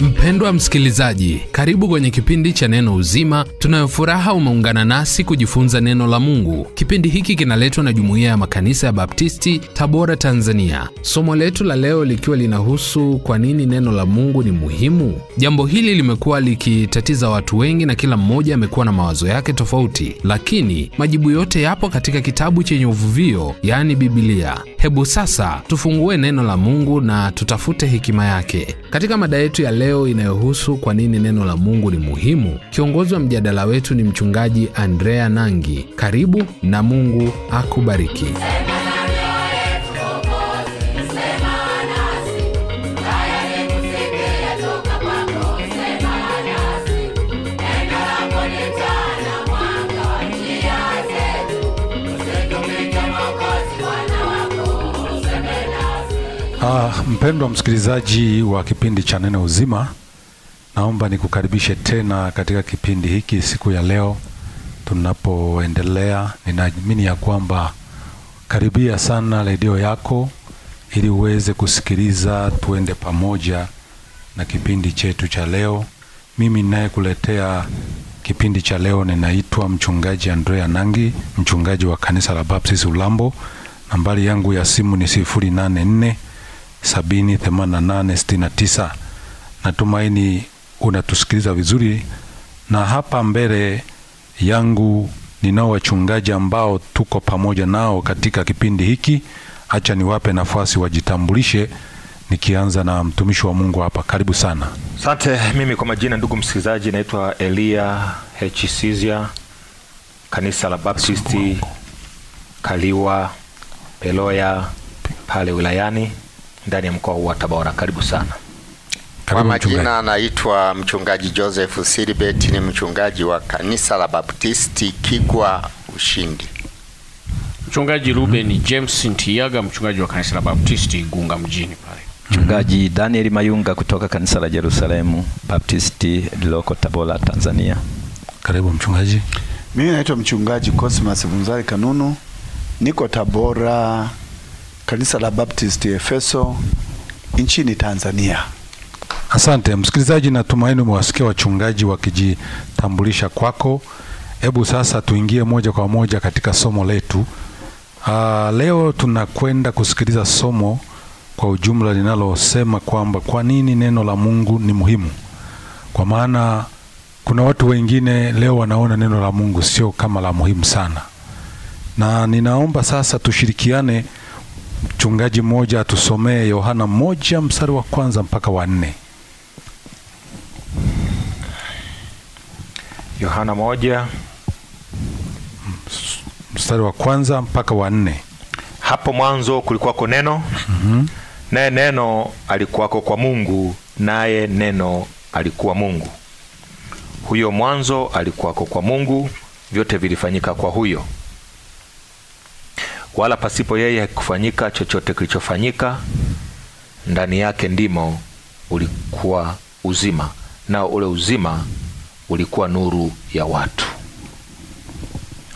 Mpendwa msikilizaji, karibu kwenye kipindi cha Neno Uzima. Tunayofuraha umeungana nasi kujifunza neno la Mungu. Kipindi hiki kinaletwa na Jumuiya ya Makanisa ya Baptisti, Tabora, Tanzania. Somo letu la leo likiwa linahusu kwa nini neno la Mungu ni muhimu. Jambo hili limekuwa likitatiza watu wengi na kila mmoja amekuwa na mawazo yake tofauti, lakini majibu yote yapo katika kitabu chenye uvuvio, yani bibilia Hebu sasa tufungue neno la Mungu na tutafute hekima yake katika mada yetu ya leo inayohusu kwa nini neno la Mungu ni muhimu. Kiongozi wa mjadala wetu ni mchungaji Andrea Nangi. Karibu na Mungu akubariki. Ah, mpendwa msikilizaji wa kipindi cha Neno Uzima, naomba nikukaribishe tena katika kipindi hiki siku ya leo tunapoendelea. Ninaamini ya kwamba karibia sana redio yako ili uweze kusikiliza, tuende pamoja na kipindi chetu cha leo. Mimi ninayekuletea kipindi cha leo ninaitwa Mchungaji Andrea Nangi, mchungaji wa kanisa la Baptist Ulambo. Nambari yangu ya simu ni sifuri nane nne sabini themanini na nane sitini na tisa. Natumaini unatusikiliza vizuri, na hapa mbele yangu ninao wachungaji ambao tuko pamoja nao katika kipindi hiki. Acha niwape nafasi wajitambulishe, nikianza na mtumishi wa Mungu hapa. Karibu sana. Asante. Mimi kwa majina, ndugu msikilizaji, naitwa Elia Hechizia, kanisa la Baptisti Kaliwa Peloya pale wilayani ndani ya mkoa huu wa Tabora. Karibu sana. Kwa majina anaitwa mchungaji Joseph Silibeti, ni mchungaji wa kanisa la Baptisti Kigwa Ushindi. Mchungaji Ruben mm. -hmm. James Ntiyaga, mchungaji wa kanisa la Baptisti Gunga mjini pale. Mchungaji mm. Daniel Mayunga kutoka kanisa la Jerusalemu Baptisti liloko Tabora, Tanzania. Karibu mchungaji. Mimi naitwa mchungaji Cosmas Bunzari Kanunu, niko Tabora kanisa la Baptist Efeso nchini Tanzania. Asante msikilizaji, natumaini umewasikia wachungaji wakijitambulisha kwako. Hebu sasa tuingie moja kwa moja katika somo letu. Uh, leo tunakwenda kusikiliza somo kwa ujumla linalosema kwamba kwa nini neno la Mungu ni muhimu, kwa maana kuna watu wengine leo wanaona neno la Mungu sio kama la muhimu sana, na ninaomba sasa tushirikiane Mchungaji mmoja atusomee Yohana moja mstari wa kwanza mpaka wa nne. Yohana moja mstari wa kwanza mpaka wa nne. Hapo mwanzo kulikuwako neno mm -hmm. Naye neno alikuwako kwa Mungu, naye neno alikuwa Mungu. Huyo mwanzo alikuwako kwa Mungu, vyote vilifanyika kwa huyo wala pasipo yeye kufanyika chochote kilichofanyika. Ndani yake ndimo ulikuwa uzima, nao ule uzima ulikuwa nuru ya watu.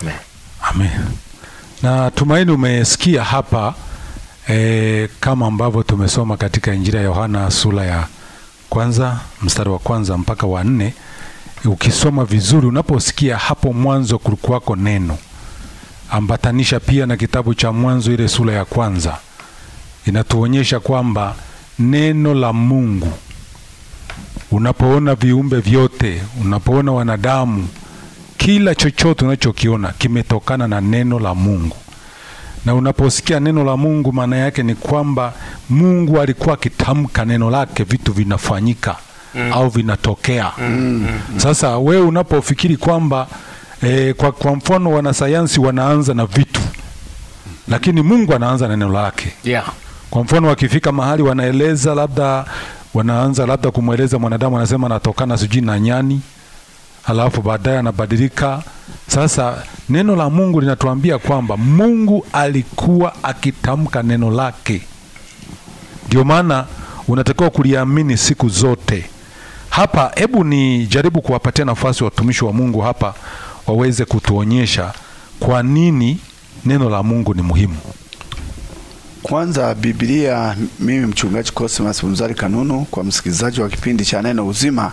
Amen. Amen. Na tumaini umesikia hapa e, kama ambavyo tumesoma katika Injili ya Yohana sura ya kwanza mstari wa kwanza mpaka wa nne. Ukisoma vizuri, unaposikia hapo mwanzo kulikuwako neno ambatanisha pia na kitabu cha Mwanzo ile sura ya kwanza, inatuonyesha kwamba neno la Mungu, unapoona viumbe vyote, unapoona wanadamu, kila chochote unachokiona kimetokana na neno la Mungu. Na unaposikia neno la Mungu, maana yake ni kwamba Mungu alikuwa akitamka neno lake, vitu vinafanyika mm. au vinatokea mm. mm, mm. Sasa wewe unapofikiri kwamba E, kwa, kwa mfano wanasayansi wanaanza na vitu lakini Mungu anaanza na neno lake. Yeah. Kwa mfano wakifika mahali wanaeleza labda wanaanza labda kumweleza mwanadamu anasema anatokana sijui na nyani, alafu baadaye anabadilika. Sasa neno la Mungu linatuambia kwamba Mungu alikuwa akitamka neno lake, ndio maana unatakiwa kuliamini siku zote. Hapa hebu ni jaribu kuwapatia nafasi watumishi wa Mungu hapa waweze kutuonyesha kwa nini neno la Mungu ni muhimu. Kwanza Biblia, mimi mchungaji Cosmas Mzali Kanunu, kwa msikilizaji wa kipindi cha Neno Uzima,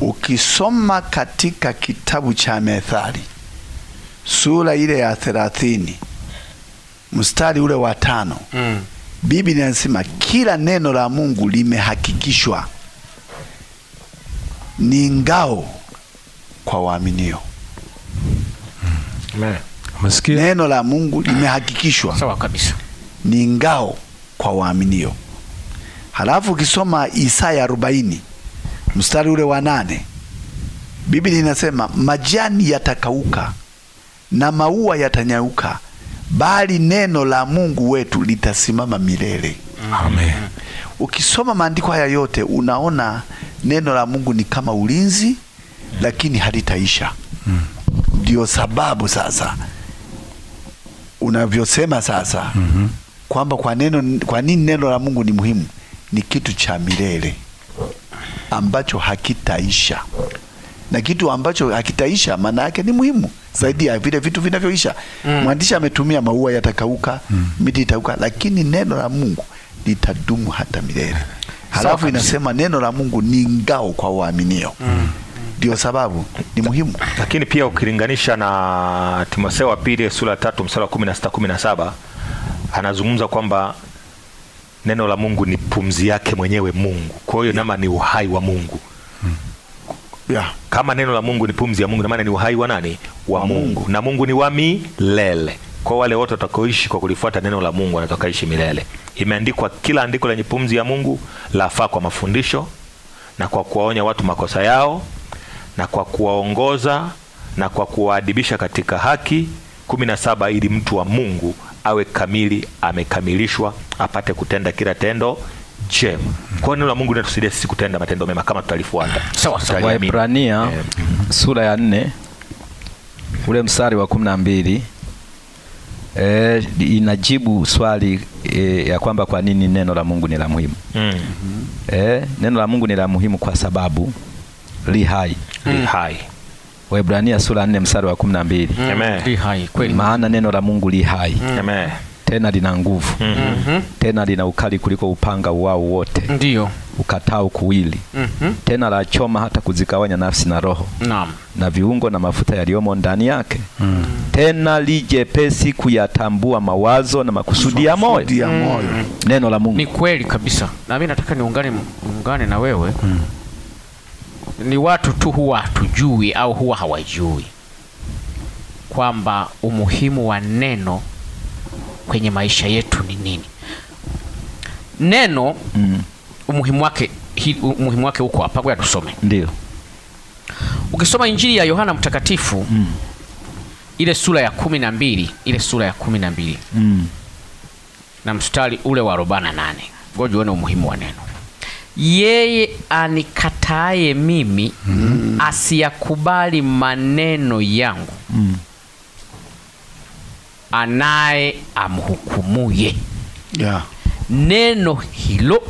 ukisoma katika kitabu cha Methali sura ile ya thelathini mstari ule wa tano mm. Biblia inasema kila neno la Mungu limehakikishwa, ni ngao kwa waaminio. Neno la Mungu limehakikishwa. Sawa kabisa. Ni ngao kwa waaminio. Halafu ukisoma Isaya 40 mstari ule wa nane, Biblia inasema majani yatakauka na maua yatanyauka, bali neno la Mungu wetu litasimama milele. Amen. Ukisoma maandiko haya yote unaona neno la Mungu ni kama ulinzi, lakini halitaisha ndio sababu sasa unavyosema sasa mm -hmm. kwamba kwa neno, kwa nini neno la Mungu ni muhimu, ni kitu cha milele ambacho hakitaisha, na kitu ambacho hakitaisha maana yake ni muhimu zaidi ya vile vitu vinavyoisha. Mm. Mwandishi mm. ametumia maua yatakauka, mm. miti itakauka, lakini neno la Mungu litadumu hata milele. Halafu inasema neno la Mungu ni ngao kwa waaminio mm ndio sababu ni muhimu. Lakini pia ukilinganisha na Timotheo wa pili sura tatu mstari wa 16 17 anazungumza kwamba neno la Mungu ni pumzi yake mwenyewe Mungu. Kwa hiyo nama ni uhai wa Mungu. Hmm. Yeah. Kama neno la Mungu ni pumzi ya Mungu, na maana ni uhai wa nani? Wa, wa Mungu. Mungu. Na Mungu ni wa milele. Kwa wale wote watakaoishi kwa kulifuata neno la Mungu watakaishi milele. Imeandikwa kila andiko lenye pumzi ya Mungu lafaa kwa mafundisho na kwa kuwaonya watu makosa yao na kwa kuwaongoza na kwa kuwaadibisha katika haki. kumi na saba ili mtu wa Mungu awe kamili, amekamilishwa, apate kutenda kila tendo jema. Kwa neno la Mungu linatusaidia sisi kutenda matendo mema kama tutalifuata. Sawa sawa. eh, sura ya nne ule mstari wa kumi na mbili eh, inajibu swali eh, ya kwamba kwa nini neno la Mungu ni la muhimu. mm. eh, neno la Mungu ni la muhimu kwa sababu li hai mm. hai Waebrania sura nne mstari wa kumi na mbili mm. maana neno la Mungu li hai mm. tena lina nguvu mm -hmm. tena lina ukali kuliko upanga wao wote ndio ukatao kuwili mm -hmm. tena la choma hata kuzikawanya nafsi na roho Naam. na viungo na mafuta yaliyomo ndani yake mm. tena lijepesi kuyatambua mawazo na makusudi ya moyo mm. neno la Mungu ni kweli kabisa, nami nataka niungane, niungane na wewe mm ni watu tu huwa hatujui au huwa hawajui kwamba umuhimu wa neno kwenye maisha yetu ni nini. Neno mm. umuhimu wake umuhimu wake huko hapa, ngoja tusome. Ndio, ukisoma Injili ya Yohana Mtakatifu mm. ile sura ya kumi na mbili ile sura ya kumi na mbili mm. na mstari ule wa arobaini na nane ngoja uone umuhimu wa neno yeye anikataye mimi mm. asiyakubali maneno yangu mm. anaye amhukumuye yeah. neno hilo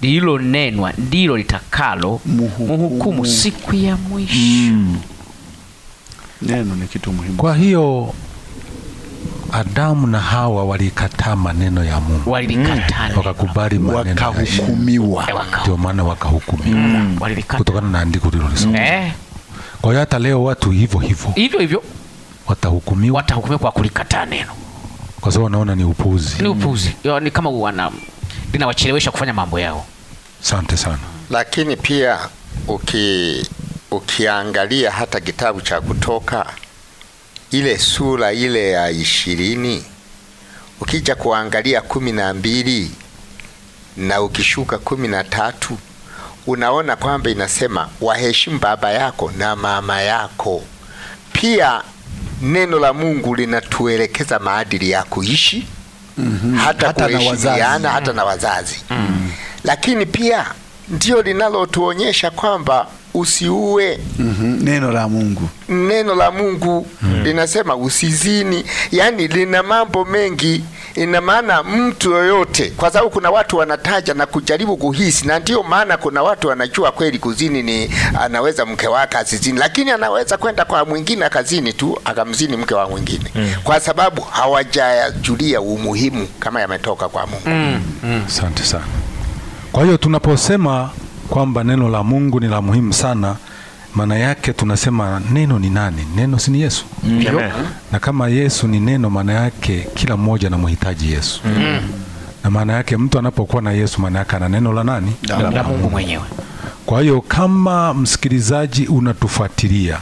lililonenwa ndilo litakalo muhukumu, muhukumu siku ya mwisho mm. neno ni kitu muhimu. Kwa hiyo Adamu na Hawa walikataa maneno ya Mungu, walikataa mm. wakakubali maneno ya wakahukumiwa, eh, ndio maana wakahukumiwa mm. kutokana na andiko lililosoma mm. Eh. Kwa hiyo hata leo watu hivyo hivyo hivyo hivyo watahukumiwa, watahukumiwa kwa kulikataa neno, kwa sababu wanaona ni upuzi, ni upuzi mm. ni kama wana linawachelewesha kufanya mambo yao. Asante sana. Lakini pia uki, ukiangalia hata kitabu cha Kutoka ile sura ile ya ishirini ukija kuangalia kumi na mbili na ukishuka kumi na tatu unaona kwamba inasema waheshimu baba yako na mama yako. Pia neno la Mungu linatuelekeza maadili ya kuishi mm -hmm. hata, hata kuheshimiana na hata na wazazi mm -hmm. Lakini pia ndio linalotuonyesha kwamba usiue. mm -hmm. Neno la Mungu, neno la Mungu mm -hmm. linasema usizini, yani lina mambo mengi. Ina maana mtu yoyote, kwa sababu kuna watu wanataja na kujaribu kuhisi, na ndiyo maana kuna watu wanajua kweli kuzini ni anaweza mke wake asizini, lakini anaweza kwenda kwa mwingine akazini tu akamzini mke wa mwingine mm kwa sababu hawajajulia umuhimu kama yametoka kwa Mungu. Mm. Mm. Asante mm -hmm. sana. Kwa hiyo tunaposema kwamba neno la Mungu ni la muhimu sana. Maana yake tunasema neno ni nani? Neno si ni Yesu. mm -hmm. Na kama Yesu ni neno, maana yake kila mmoja anamhitaji Yesu. mm -hmm. Na maana yake mtu anapokuwa na Yesu, maana yake ana neno la nani? La Mungu mwenyewe. Kwa hiyo kama msikilizaji unatufuatilia,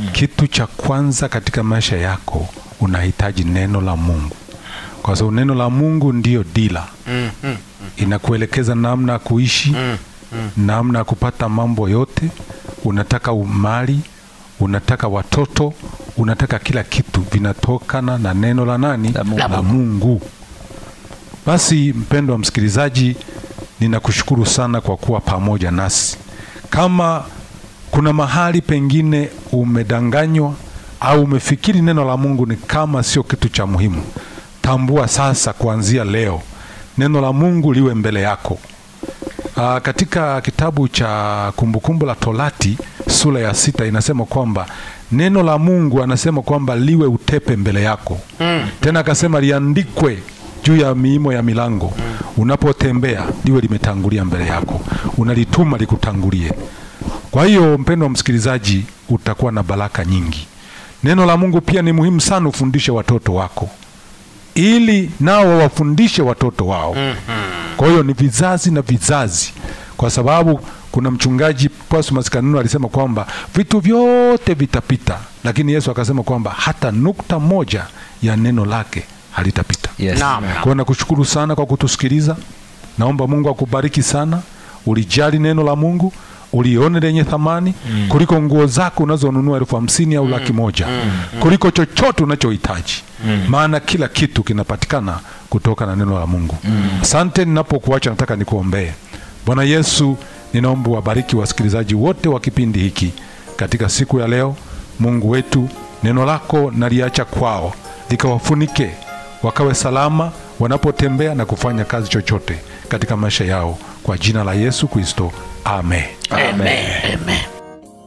mm. kitu cha kwanza katika maisha yako unahitaji neno la Mungu, kwa sababu neno la Mungu ndiyo dira mm. -hmm. inakuelekeza namna ya kuishi mm mm. namna ya kupata mambo yote unataka mali, unataka watoto, unataka kila kitu, vinatokana na neno la nani? La Mungu. Basi mpendo wa msikilizaji, ninakushukuru sana kwa kuwa pamoja nasi. Kama kuna mahali pengine umedanganywa au umefikiri neno la Mungu ni kama sio kitu cha muhimu, tambua sasa, kuanzia leo neno la Mungu liwe mbele yako. Uh, katika kitabu cha Kumbukumbu la Torati sura ya sita inasema kwamba neno la Mungu anasema kwamba liwe utepe mbele yako mm. Tena akasema liandikwe juu ya miimo ya milango mm. Unapotembea liwe limetangulia mbele yako, unalituma likutangulie. Kwa hiyo mpendo wa msikilizaji, utakuwa na baraka nyingi. Neno la Mungu pia ni muhimu sana ufundishe watoto wako, ili nao wawafundishe watoto wao mm -hmm. Kwa hiyo ni vizazi na vizazi, kwa sababu kuna mchungaji Postmas Kanunu alisema kwamba vitu vyote vitapita, lakini Yesu akasema kwamba hata nukta moja ya neno lake halitapita. Yes. Naam. Kwa nakushukuru sana kwa kutusikiliza. Naomba Mungu akubariki sana, ulijali neno la Mungu ulione lenye thamani mm. kuliko nguo zako unazonunua elfu hamsini au mm. laki moja mm. mm. kuliko chochote unachohitaji mm. maana kila kitu kinapatikana kutoka na neno la Mungu. Mm. Asante mm. Ninapokuacha nataka nikuombee. Bwana Yesu, ninaomba wabariki wasikilizaji wote wa kipindi hiki katika siku ya leo. Mungu wetu, neno lako naliacha kwao, likawafunike wakawe salama wanapotembea na kufanya kazi chochote katika maisha yao, kwa jina la Yesu Kristo, amen, amen. amen. amen.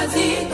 Waziri